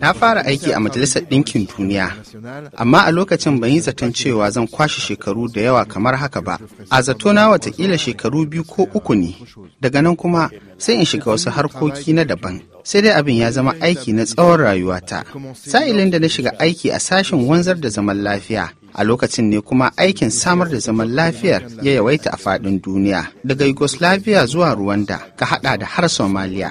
Na fara aiki a Majalisar Ɗinkin Duniya, amma a lokacin ban yi zaton cewa zan kwashe shekaru da yawa kamar haka ba. A zato na watakila shekaru biyu ko uku ne, daga nan kuma sai in shiga wasu harkoki na daban. Sai dai abin ya zama aiki na tsawon rayuwata. Sa'ilin da na shiga aiki a sashen wanzar da zaman lafiya, a lokacin ne kuma aikin samar da zaman lafiyar ya yawaita a fadin duniya daga yugoslavia zuwa rwanda ka hada da har somalia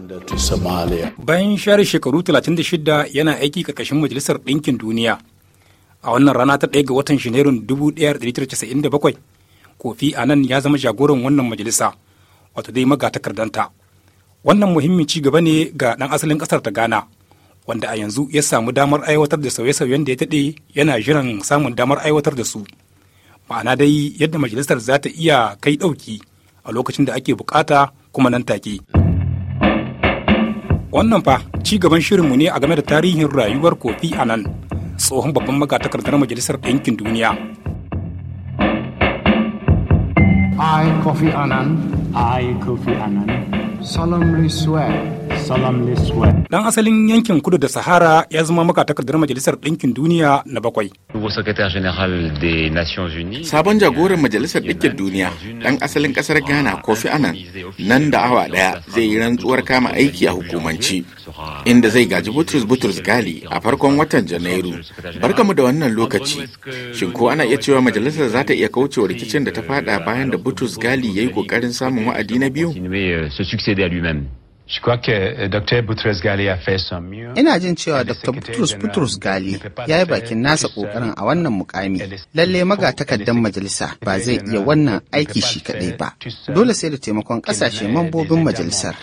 bayan share shekaru 36 yana aiki ƙarƙashin majalisar ɗinkin duniya a wannan rana ta ɗaya ga watan janairun 1997 kofi a nan ya zama jagoran wannan majalisa wato dai magatakardanta wannan muhimmin ci gaba ne ga ɗan asalin ƙasar ta ghana wanda a yanzu ya samu damar aiwatar da sauye-sauyen da ya daɗe yana jiran samun damar aiwatar da su ma'ana dai yadda majalisar za ta iya kai ɗauki a lokacin da ake bukata kuma nan take wannan fa ci gaban mu ne a game da tarihin rayuwar kofi a nan tsohon babban magatakardar majalisar ɗinkin duniya I, Kofi Annan, I, Kofi Annan, solemnly swear Dan asalin yankin kudu da Sahara ya zama maka takardar Majalisar Ɗinkin Duniya na bakwai. Sabon jagoran Majalisar Ɗinkin Duniya dan asalin ƙasar Ghana Kofi Annan nan da awa daya zai yi rantsuwar kama aiki a hukumanci inda zai gaji Butrus Butrus Gali a farkon watan Janairu. Barkamu da wannan lokaci. Shin ko ana iya cewa majalisar za ta iya kaucewa rikicin da ta fada bayan da Butrus Gali ya yi ƙoƙarin samun wa'adi na biyu? Eh, Ina jin cewa Dr. Butrus Butrus Gali ya yi bakin nasa ƙoƙarin a wannan mukami. Lalle magatakardan majalisa ba zai iya wannan aiki shi kaɗai ba. Dole sai da taimakon ƙasashe mambobin majalisar.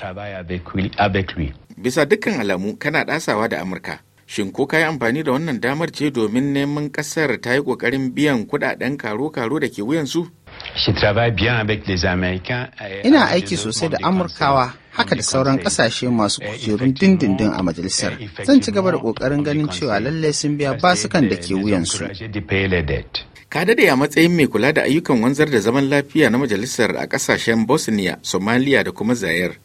Bisa dukkan alamu kana ɗasawa da Amurka. Shin ko ka yi amfani da wannan damar ce domin neman ƙasar ta yi ƙoƙarin biyan kuɗaɗen karo-karo da ke wuyansu? Eh, Ina aiki sosai da Amurkawa haka da sauran kasashe masu eh, kujerun dindindin a majalisar. Zan ci gaba da kokarin ganin cewa lallai sun biya basukan da ke wuyansu. Ka dade a matsayin mai kula da ayyukan wanzar da zaman lafiya na majalisar a kasashen Bosnia, Somalia da kuma zayar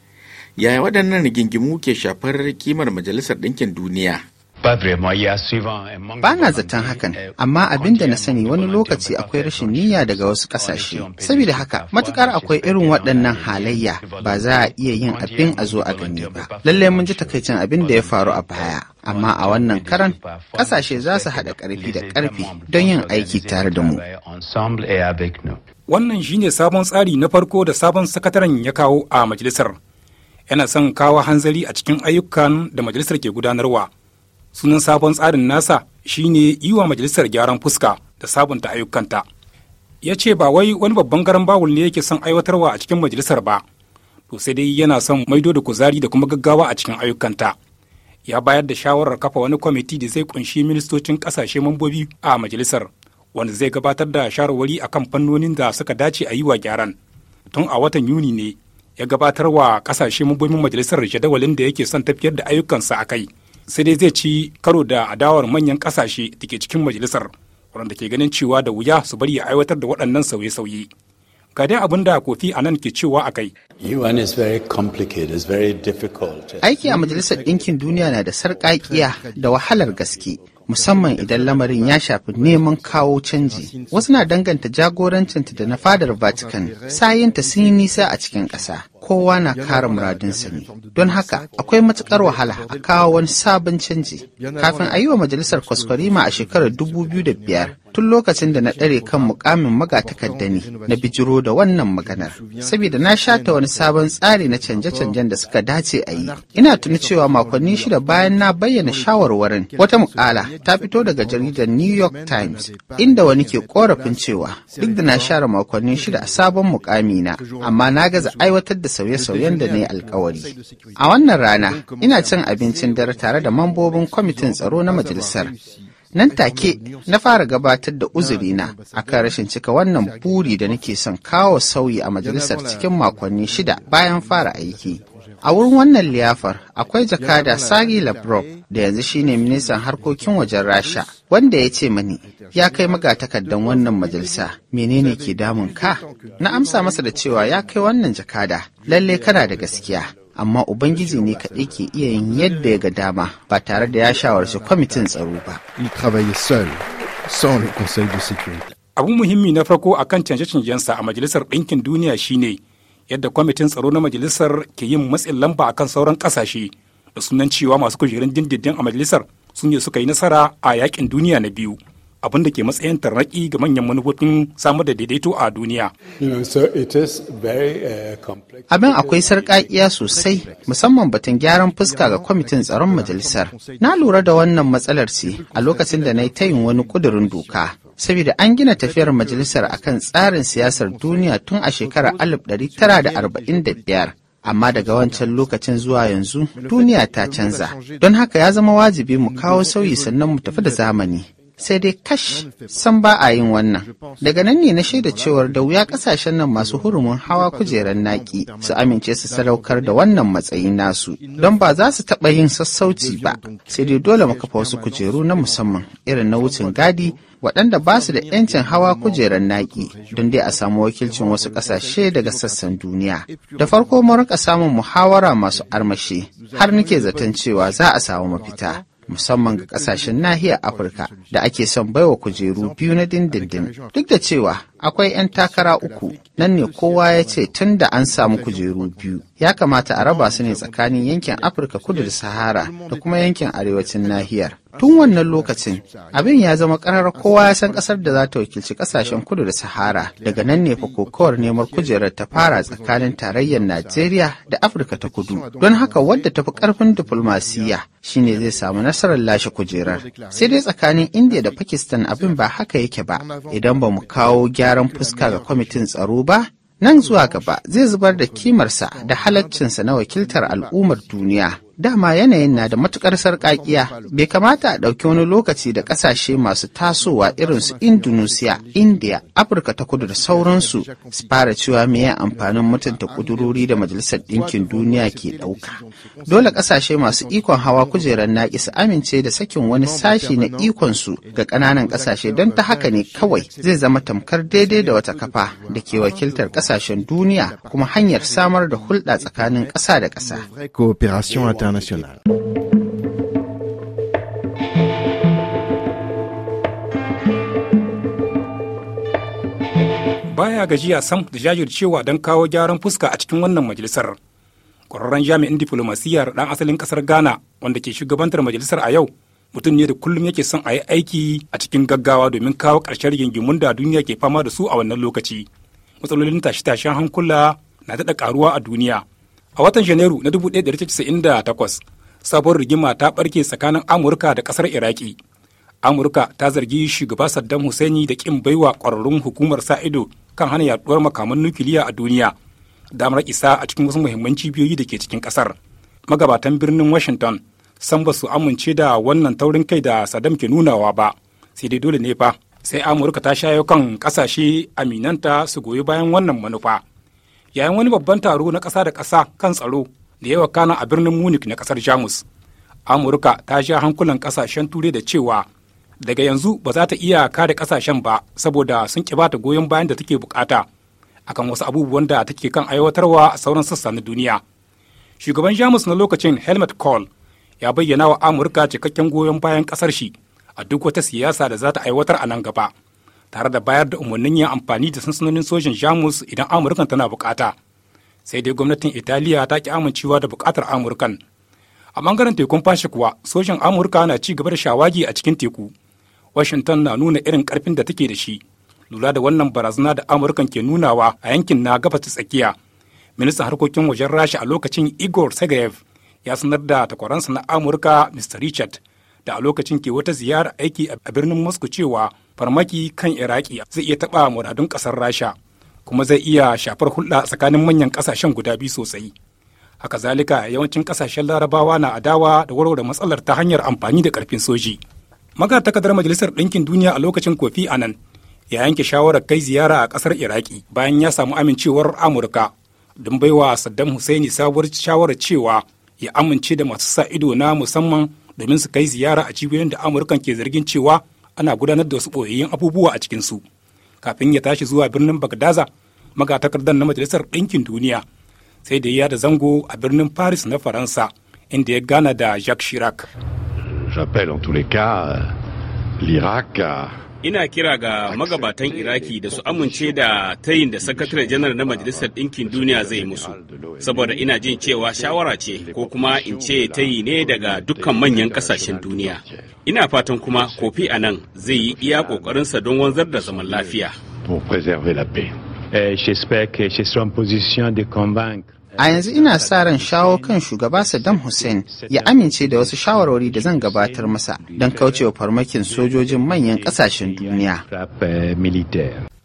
Yaya waɗannan rigingimu ke shafar kimar majalisar ɗinkin duniya? Ba na zaton hakan, eh, amma abin da na sani wani lokaci akwai rashin niyya daga wasu ƙasashe. Saboda haka, matukar akwai irin waɗannan eh, halayya ba za a iya yin abin a zo a gani ba. Lallai mun ji takaicin abin da ya faru a baya. Eh, amma a wannan karan, ƙasashe za su haɗa ƙarfi da ƙarfi don yin aiki tare da mu. Wannan shine sabon tsari na farko da sabon sakataren ya kawo a majalisar. Yana son kawo hanzari a cikin ayyukan da majalisar ke gudanarwa. sunan sabon tsarin nasa shine yi wa majalisar gyaran fuska da sabunta ayyukanta ya ce ba wai wani babban garan bawul ne yake son aiwatarwa a cikin majalisar ba to sai dai yana son maido da kuzari da kuma gaggawa a cikin ayyukanta ya bayar da shawarar kafa wani kwamiti da zai kunshi ministocin kasashe mambobi a majalisar wanda zai gabatar da shawarwari akan fannonin da suka dace a yi wa gyaran tun a watan yuni ne ya gabatar wa kasashe mambobin majalisar jadawalin da yake son tafiyar da ayyukansa a kai sai dai zai ci karo da adawar manyan kasashe da ke cikin majalisar waɗanda ke ganin cewa da wuya su bari ya aiwatar da waɗannan sauye-sauye ga dai abin da kofi a nan ke cewa a kai. Aiki a Majalisar Ɗinkin Duniya na da sarƙaƙiya da wahalar gaske. musamman idan lamarin ya shafi neman kawo canji wasu na danganta jagorancinta da na fadar vatican sayinta sun yi nisa a cikin ƙasa kowa na kare muradinsa ne don haka akwai matukar wahala a kawo wani sabon canji kafin a yi wa majalisar kwaskwarima a shekarar 2005 tun lokacin da na ɗare kan mukamin magatakarda ne na bijiro da wannan maganar saboda na shata wani sabon tsari na canje-canjen da suka dace a yi ina tuni cewa makonni shida bayan na bayyana shawarwarin wata mukala ta fito daga jaridar new york times inda wani ke korafin cewa duk da na share makonni shida a sabon mukami na amma na gaza aiwatar da sauye-sauyen da na yi alkawari. A wannan rana, ina cin abincin dare tare da mambobin kwamitin tsaro na majalisar. Nan take na fara gabatar da uzurina a kan rashin cika wannan buri da nake son kawo sauyi a majalisar cikin makonni shida bayan fara aiki. A wurin wannan liyafar akwai jakada Sagi Labrov da yanzu shine ministan harkokin wajen Rasha wanda ya ce mani ya kai magatakardan wannan majalisa menene ke damun ka? Na amsa masa da cewa ya kai wannan jakada lalle kana da gaskiya. amma Ubangiji ne kaɗai ke iya yin yadda ya ga dama ba tare da ya shawarci kwamitin tsaro ba. Abu muhimmi na farko akan canje-canjensa a Majalisar Ɗinkin Duniya shine yadda kwamitin tsaro na majalisar ke yin matsin lamba akan sauran kasashe da sunan cewa masu kujerun dindindin a majalisar sun ne suka yi nasara a yakin duniya na biyu abin da ke matsayin tarnaki ga manyan manufofin samar da daidaito a duniya. Uh, abin akwai sarƙaƙiya sosai musamman batun gyaran fuska ga kwamitin tsaron majalisar. Na lura da wannan matsalar ce a lokacin da na yi tayin wani ƙudurin doka. saboda an gina tafiyar majalisar akan tsarin siyasar duniya tun a shekarar 1945 amma daga wancan lokacin zuwa yanzu duniya ta canza don haka ya zama wajibi mu kawo sauyi sannan mu tafi da zamani sai dai kash san ba a yin wannan daga nan ne na shaida cewar da wuya kasashen nan masu hurumin hawa kujerar naki su amince su sadaukar da wannan matsayi nasu don ba za su taɓa yin sassauci ba sai dai dole mu kafa wasu kujeru na musamman irin na wucin gadi waɗanda ba su da 'yancin hawa kujerar naƙi don dai a samu wakilcin wasu ƙasashe daga sassan duniya. Da farko mu rika samun muhawara masu armashi har nake zaton cewa za a samu mafita. musamman ga kasashen nahiyar Afirka da ake son baiwa kujeru biyu na dindindin. Duk da cewa akwai 'yan takara uku, nan ne kowa ya ce tun da an samu kujeru biyu, ya kamata a raba su ne tsakanin yankin Afirka kudu da Sahara da kuma yankin arewacin nahiyar. Tun wannan lokacin, abin ya zama ƙarar kowa ya san ƙasar da za ta wakilci ƙasashen kudu da Sahara, daga nan ne fa kokowar neman kujerar ta fara tsakanin tarayyar Najeriya da Afirka ta kudu. Don haka wadda tafi karfin diflomasiyya shine zai samu nasarar lashe kujerar. Sai dai tsakanin India da Pakistan abin ba haka yake ba, idan ba mu kawo gyaran fuska ga kwamitin tsaro ba, nan zuwa gaba zai zubar da kimarsa da halaccinsa na wakiltar al'ummar duniya dama yanayin na da matukar sarƙaƙiya bai kamata a ɗauki wani lokaci da ƙasashe masu tasowa irin su indonesia india afirka ta kudu da sauransu su fara cewa me ya amfanin mutunta kudurori da majalisar ɗinkin duniya ke ɗauka dole ƙasashe masu ikon hawa kujerar naƙi su amince da sakin wani sashi na ikon su ga ƙananan ƙasashe don ta haka ne kawai zai zama tamkar daidai da wata kafa da ke wakiltar ƙasashen duniya kuma hanyar samar da hulɗa tsakanin ƙasa da ƙasa. internationale. Baya gajiya sam da jajircewa don kawo gyaran fuska a cikin wannan majalisar. Ƙwararren jami'in diflomasiyyar ɗan asalin ƙasar Ghana wanda ke shugabantar majalisar a yau mutum ne da kullum yake son a yi aiki a cikin gaggawa domin kawo ƙarshen rigingimun da duniya ke fama da su a wannan lokaci matsalolin tashe-tashen hankula na daɗa ƙaruwa a duniya a watan janairu na 1998 sabuwar rigima ta barke tsakanin amurka da kasar iraki amurka ta zargi shugaba saddam hussein da ƙin baiwa ƙwararrun hukumar sa ido kan hana yaduwar makaman nukiliya a duniya damar isa a cikin wasu muhimman cibiyoyi da ke cikin ƙasar. magabatan birnin washington san ba su amince da wannan taurin kai da saddam ke nunawa ba sai dai dole ne fa sai amurka ta shayo kan ƙasashe aminanta su goyi bayan wannan manufa yayin wani babban taro na ƙasa da ƙasa kan tsaro da yawa kana a birnin munich na ƙasar jamus amurka ta sha hankulan ƙasashen turai da cewa daga yanzu ba za ta iya kare ƙasashen ba saboda sun ƙi bata goyon bayan da take bukata akan wasu abubuwan da take kan aiwatarwa a sauran sassa na duniya shugaban jamus na lokacin helmet kohl ya bayyana wa amurka cikakken goyon bayan ƙasar shi a duk wata siyasa da za ta aiwatar a nan gaba tare da bayar da umarnin yin amfani da sansanonin sojin jamus idan amurka tana bukata sai dai gwamnatin italiya ta ki amincewa da bukatar amurkan a bangaren tekun fashi kuwa sojin amurka na ci gaba da shawagi a cikin teku washington na nuna irin karfin da take da shi lura da wannan barazana da amurkan ke nunawa a yankin na gabas ta tsakiya ministan harkokin wajen rasha a lokacin igor segev ya sanar da takwaransa na amurka mr richard da a lokacin ke wata ziyara aiki a birnin Moscow cewa farmaki kan Iraki zai iya taɓa muradun ƙasar Rasha kuma zai iya shafar hulɗa tsakanin manyan ƙasashen guda biyu sosai. Haka zalika yawancin ƙasashen larabawa na adawa da warware matsalar ta hanyar amfani da ƙarfin soji. Magatakardar Majalisar Ɗinkin Duniya a lokacin Kofi Annan ya yanke shawarar kai ziyara a ƙasar Iraki bayan ya samu amincewar Amurka don baiwa Saddam Hussein sabuwar shawarar cewa ya amince da masu sa ido na musamman domin su kai ziyara a cibiyoyin da amurkan ke zargin cewa ana gudanar da wasu ɓoyayyun abubuwa a cikin su kafin ya tashi zuwa birnin bagdaza magatakardar na majalisar ɗinkin duniya sai da ya da zango a birnin paris na faransa inda ya gana da jacques chirac j'appelle ina kira ga magabatan iraki da su amince da tayin da sakatare janar na majalisar ɗinkin duniya zai musu saboda ina jin cewa shawara ce ko kuma in ce tayi ne daga dukkan manyan ƙasashen duniya ina fatan kuma kofi a nan zai yi iya ƙoƙarinsa don wanzar da zaman lafiya J'espère que je serai en position de convaincre. A yanzu ina sa ran shawo kan shugaba Saddam Hussein ya amince da wasu shawarwari da zan gabatar masa don kaucewa farmakin sojojin manyan ƙasashen duniya.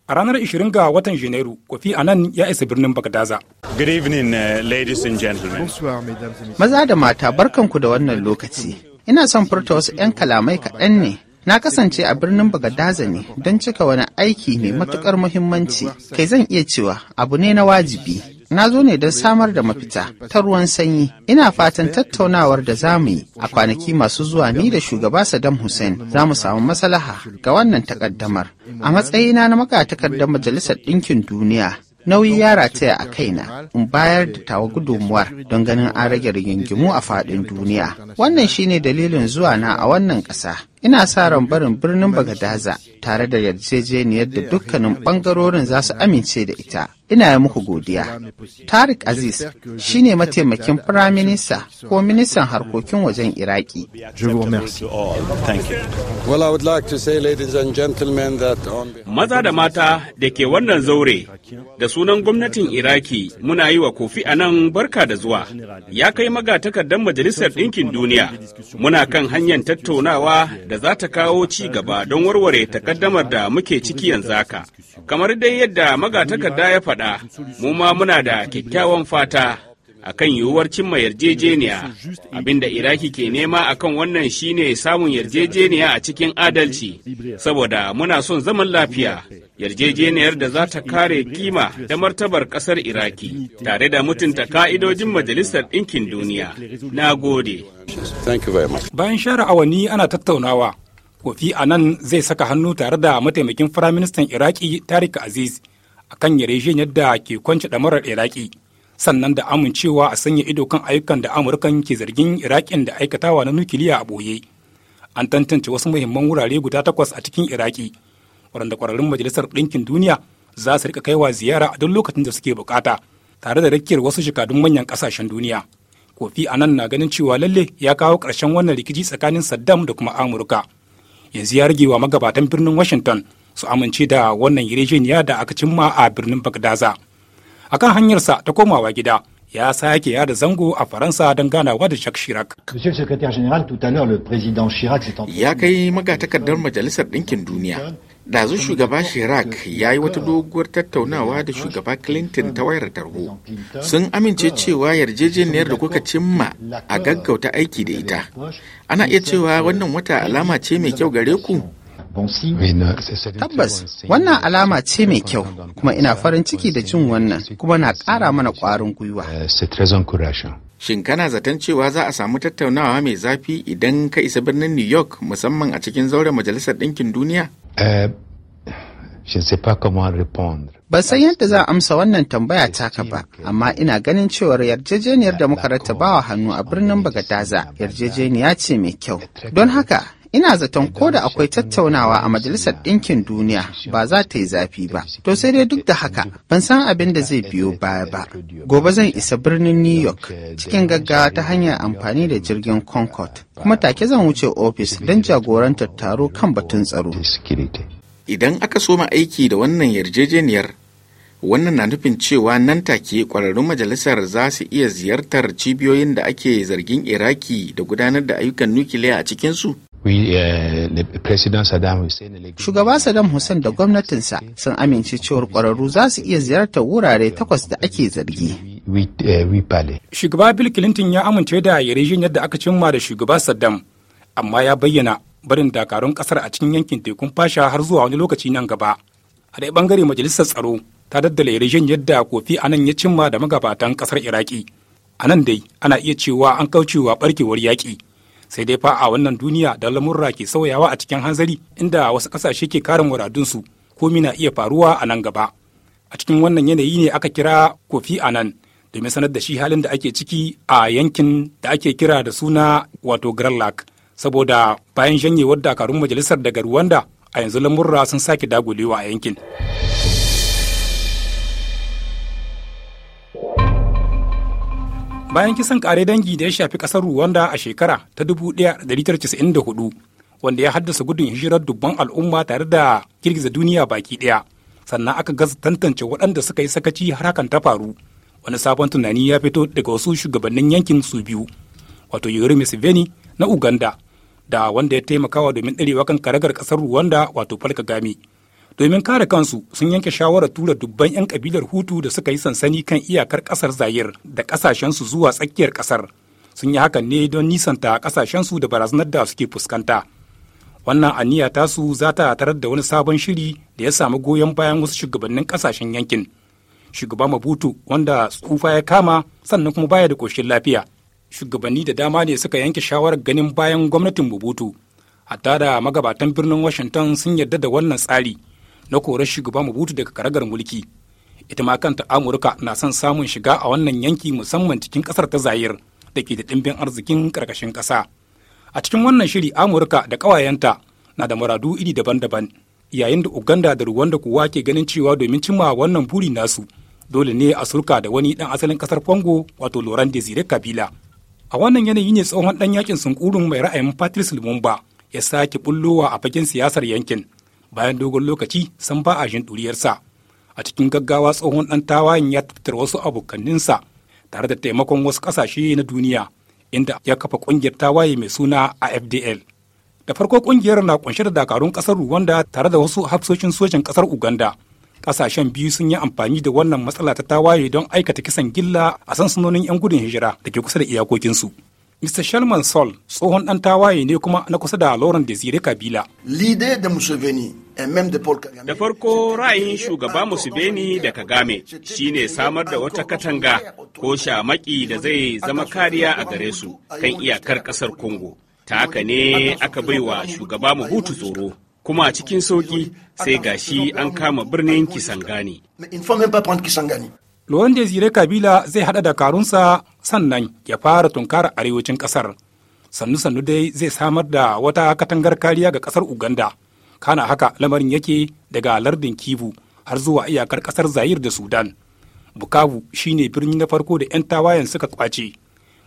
A ranar 20 ga watan Janairu, Kofi Annan ya isa birnin Bagdaza. Good evening, uh, ladies and gentlemen. Maza da mata barkanku da wannan lokaci. Ina son furta wasu 'yan kalamai kaɗan ne Na kasance a birnin bagdaza ne don cika wani aiki ne matuƙar muhimmanci, kai zan iya cewa abu ne na wajibi. na zo ne don samar da mafita ta ruwan sanyi. Ina fatan tattaunawar da za mu yi a kwanaki masu zuwa ni da shugaba Saddam Hussein za mu samu maslaha ga wannan takaddamar. A matsayina na magatakardar Majalisar Ɗinkin Duniya, nauyi ya rataya a kaina in bayar da tawa gudunmuwar don ganin an rage rigingimu a faɗin duniya wannan shine dalilin zuwa na a wannan ƙasa ina sa ran barin birnin bagadaza tare da yarjejeniyar da dukkanin ɓangarorin za su amince da ita ina yi muku godiya. Tariq Aziz shi ne mataimakin firaminista ko ministan harkokin wajen Iraki. Maza da mata da ke wannan zaure da sunan gwamnatin Iraki muna yi wa kofi a nan barka da zuwa. Ya kai magatakardar Majalisar Ɗinkin Duniya. Muna kan hanyar tattaunawa da za ta kawo ci gaba don warware takaddamar da muke ciki yanzu haka. Kamar dai yadda magatakarda ya faɗa faɗa mu ma muna da kyakkyawan fata akan yiwuwar cimma yarjejeniya abinda iraki ke nema akan wannan shine samun yarjejeniya a cikin adalci saboda muna son zaman lafiya yarjejeniyar da za ta kare kima da martabar ƙasar iraki tare da mutunta ka'idojin majalisar ɗinkin duniya na gode bayan share awanni ana tattaunawa kofi anan zai saka hannu tare da mataimakin firaministan iraki tarik aziz akan yarjejeniyar yadda ke kwance damarar iraki sannan da amincewa a sanya ido kan ayyukan da amurkan ke zargin iraƙin da aikatawa na nukiliya a ɓoye an tantance wasu muhimman wurare guda takwas a cikin iraki waɗanda ƙwararrun majalisar ɗinkin duniya za su rika kaiwa ziyara a duk lokacin da suke bukata tare da rakiyar wasu shekadun manyan ƙasashen duniya kofi a nan na ganin cewa lalle ya kawo ƙarshen wannan rikici tsakanin saddam da kuma amurka yanzu ya rage wa magabatan birnin washington su amince da wannan yarjejeniya da aka cimma a birnin bagdaza akan hanyarsa ta komawa gida ya sake yada zango a faransa don ganawa da Jacques Chirac. Ya kai magatakardar Majalisar Ɗinkin Duniya. Dazu shugaba Chirac ya yi wata doguwar tattaunawa da shugaba Clinton ta wayar tarho. Sun amince cewa yarjejeniyar da kuka cimma a gaggauta aiki da ita. Ana iya cewa wannan wata alama ce mai kyau gare ku. Tabbas wannan alama ce mai kyau kuma ina farin ciki da jin wannan kuma na ƙara mana ƙwarin gwiwa. Euh, Shin kana zaton cewa za a samu tattaunawa mai zafi idan ka isa birnin New York musamman a cikin zauren Majalisar Ɗinkin Duniya? Euh, Ban san yadda za a amsa wannan tambaya ka ba, amma ina ganin cewar yarjejeniyar da muka wa hannu a birnin Bagadaza yarjejeniya ce mai kyau. Don haka, Ina zaton ko da akwai tattaunawa a Majalisar Ɗinkin Duniya ba za ta yi zafi ba. To sai dai duk da haka ban san abin da zai biyo baya ba. Gobe zan isa birnin New York cikin gaggawa ta hanyar amfani da jirgin Concord. Kuma take zan wuce ofis don jagorantar taro kan batun tsaro. Idan aka soma aiki da wannan yarjejeniyar wannan na nufin cewa nan take ƙwararrun majalisar za su iya ziyartar cibiyoyin da ake zargin iraki da gudanar da ayyukan nukiliya a cikinsu Uh, shugaba Saddam Hussein da gwamnatinsa sun amince cewar ƙwararru za su iya ziyartar wurare takwas da ake zargi. Uh, shugaba Bill Clinton ya amince da yarjejin yadda aka cimma da shugaba Saddam, amma ya bayyana barin dakarun ƙasar a cikin yankin tekun fasha har zuwa wani lokaci nan gaba. A ɗaya ɓangare majalisar tsaro ta daddala yarjejin yadda Kofi nan ya cimma da magabatan ƙasar Iraki. A nan dai ana iya cewa an kaucewa ɓarkewar yaƙi. sai dai fa a wannan duniya da lamurra ke sauyawa a cikin hanzari inda wasu ƙasashe ke kare muradunsu komi na iya faruwa a nan gaba a cikin wannan yanayi ne aka kira kofi a nan domin sanar da shi halin da ake ciki a yankin da ake kira da suna wato grelak saboda bayan shanyewar dakarun majalisar daga ruwanda a yanzu lamurra sun sake dagulewa a yankin. bayan kisan kare dangi da ya shafi kasar ruwanda a shekara ta 1994 wanda ya haddasa gudun hijirar dubban al'umma tare da girgiza duniya baki daya sannan aka gaza tantance waɗanda suka yi sakaci har hakan ta faru wani sabon tunani ya fito daga wasu shugabannin yankin su biyu wato Yoweri Museveni na Uganda da wanda ya taimakawa domin ɗarewa kan karagar ƙasar ruwanda wato falka gami. domin kare kansu sun yanke shawarar tura dubban 'yan kabilar hutu da suka yi sansani kan iyakar kasar zayir da kasashensu zuwa tsakiyar kasar sun yi hakan ne don nisanta kasashensu da barazanar da suke fuskanta wannan aniya tasu za ta tarar da wani sabon shiri da ya samu goyon bayan wasu shugabannin kasashen yankin shugaba mabutu wanda tsufa ya kama sannan kuma baya da koshin lafiya shugabanni da dama ne suka yanke shawarar ganin bayan gwamnatin mabutu hatta da magabatan birnin washington sun yarda da wannan tsari na korar shugaba butu daga karagar mulki. Ita ma kanta Amurka na son samun shiga a wannan yanki musamman cikin kasar ta Zayir da ke da ɗimbin arzikin ƙarƙashin ƙasa. A cikin wannan shiri Amurka da ƙawayenta na da muradu iri daban-daban yayin da Uganda da Rwanda kowa ke ganin cewa domin cimma wannan buri nasu dole ne a surka da wani ɗan asalin ƙasar Congo wato Laurent Desire Kabila. A wannan yanayi ne tsohon ɗan yakin sunkurin mai ra'ayin Patrice Lumumba ya sake bullowa a fagen siyasar yankin bayan dogon lokaci san ba a jin ɗuriyarsa a cikin gaggawa tsohon ɗan tawayen ya tattara wasu abokaninsa tare da taimakon wasu ƙasashe na duniya inda ya kafa ƙungiyar tawaye mai suna a afdl da farko ƙungiyar na ƙunshe da dakarun ƙasar ruwanda tare da wasu hafsoshin sojan ƙasar uganda ƙasashen biyu sun yi amfani da wannan matsala ta tawaye don aikata kisan gilla a sansanonin 'yan gudun hijira da ke kusa da iyakokinsu. Mr. Shalman Sol tsohon ɗan tawaye ne kuma na kusa da Laurent Desire Kabila. Da farko ra'ayin shugaba Musubeni da Kagame shine samar da wata katanga ko shamaki da zai zama kariya a gare su kan iyakar ƙasar Congo. Ta haka ne aka baiwa shugaba hutu tsoro. Kuma a cikin sauƙi sai gashi an kama birnin Kisangani. Laurent Zire Kabila zai hada da karunsa sannan ya fara tunkara arewacin kasar Sannu-sannu dai zai samar da wata katangar kariya ga kasar Uganda. Kana haka lamarin yake daga lardin Kivu har zuwa iyakar kasar Zayir da Sudan. Bukavu shine birni na farko da 'yan tawayen suka kwace.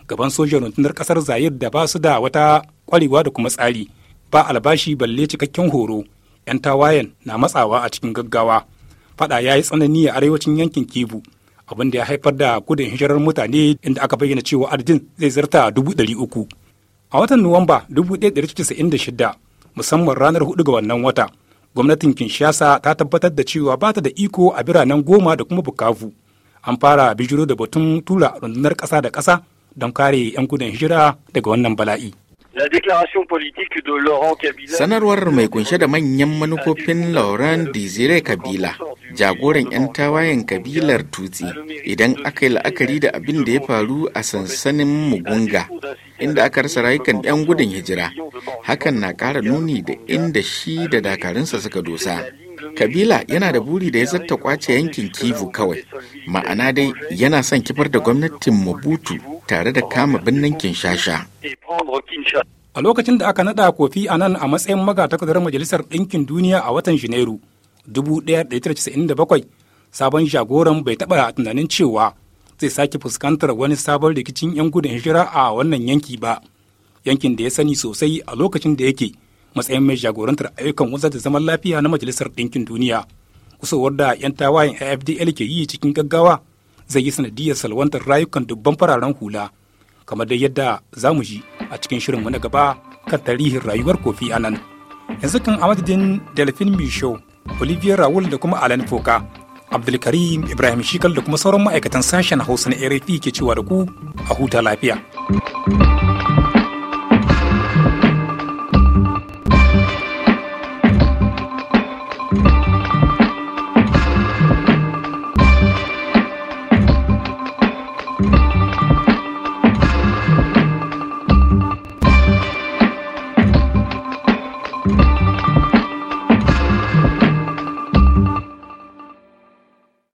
Gaban sojan rundunar kasar Zayir da ba su da wata kwarewa da kuma tsari. Ba albashi balle cikakken horo. 'Yan tawayen na matsawa a cikin gaggawa. Fada ya yi tsanani a arewacin yankin Kivu. abin da ya haifar da gudun hijirar mutane inda aka bayyana cewa adadin zai zarta dubu ɗari uku. A watan Nuwamba dubu shida musamman ranar hudu ga wannan wata gwamnatin Kinshasa ta tabbatar da cewa bata da iko a biranen goma da kuma Bukavu. An fara bijiro da batun tura rundunar ƙasa da ƙasa don kare 'yan gudun hijira daga wannan bala'i. Sanarwar mai kunshe da manyan manufofin Laurent Desire Kabila, jagoran 'yan tawayen kabilar Tutsi, idan aka yi la'akari da abin da ya faru a sansanin Mugunga, inda aka rasa rayukan 'yan gudun hijira. Hakan na ƙara nuni da inda shi da dakarunsa suka dosa. Kabila yana da buri da ya zatta kwace yankin Kivu kawai, ma'ana dai yana son kifar da gwamnatin Mobutu tare da kama birnin Kinshasa. A lokacin da aka nada kofi a nan a matsayin magatakardar Majalisar Ɗinkin Duniya a watan Janairu 1997, sabon jagoran bai taɓa tunanin cewa zai sake fuskantar wani sabon rikicin 'yan gudun hijira a wannan yanki ba, yankin da ya sani sosai a lokacin da yake matsayin mai jagorantar ayyukan wanzar da zaman lafiya na Majalisar Ɗinkin Duniya. Kusowar da 'yan tawayen AFDL ke yi cikin gaggawa zai yi sanadiyar salwantar rayukan dubban fararen hula kamar da yadda za mu ji a cikin shirinmu na gaba kan tarihin rayuwar kofi anan yanzu kan a madadin delphine michaud olivier raul da kuma alan foka abdulkarim ibrahim shikal da kuma sauran ma'aikatan sashen hausa na rfi ke cewa da ku a huta lafiya.